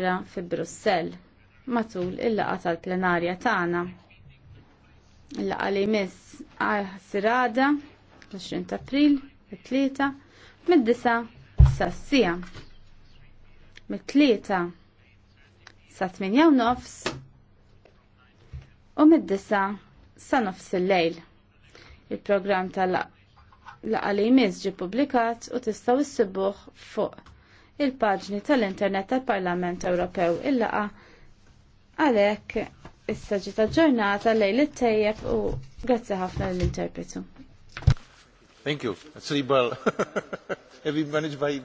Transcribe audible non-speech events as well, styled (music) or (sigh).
oħra fi Brussell matul il-laqa tal-plenarja tagħna. Il-laqa li jmiss sirada 20 April it tlieta mid-disa sassija. Mit-tlieta sa 8 nofs u mid-disa sa nofs il-lejl. Il-programm tal-laqa li jmiss ġi publikat u tistgħu issibuh fuq il-paġni tal-internet tal-Parlament Ewropew il-laqa għalek is-saġi tal-ġurnata lejl it-tejjeb u grazzi ħafna l-interpretu. Thank you. That's really well. (laughs) Have you managed by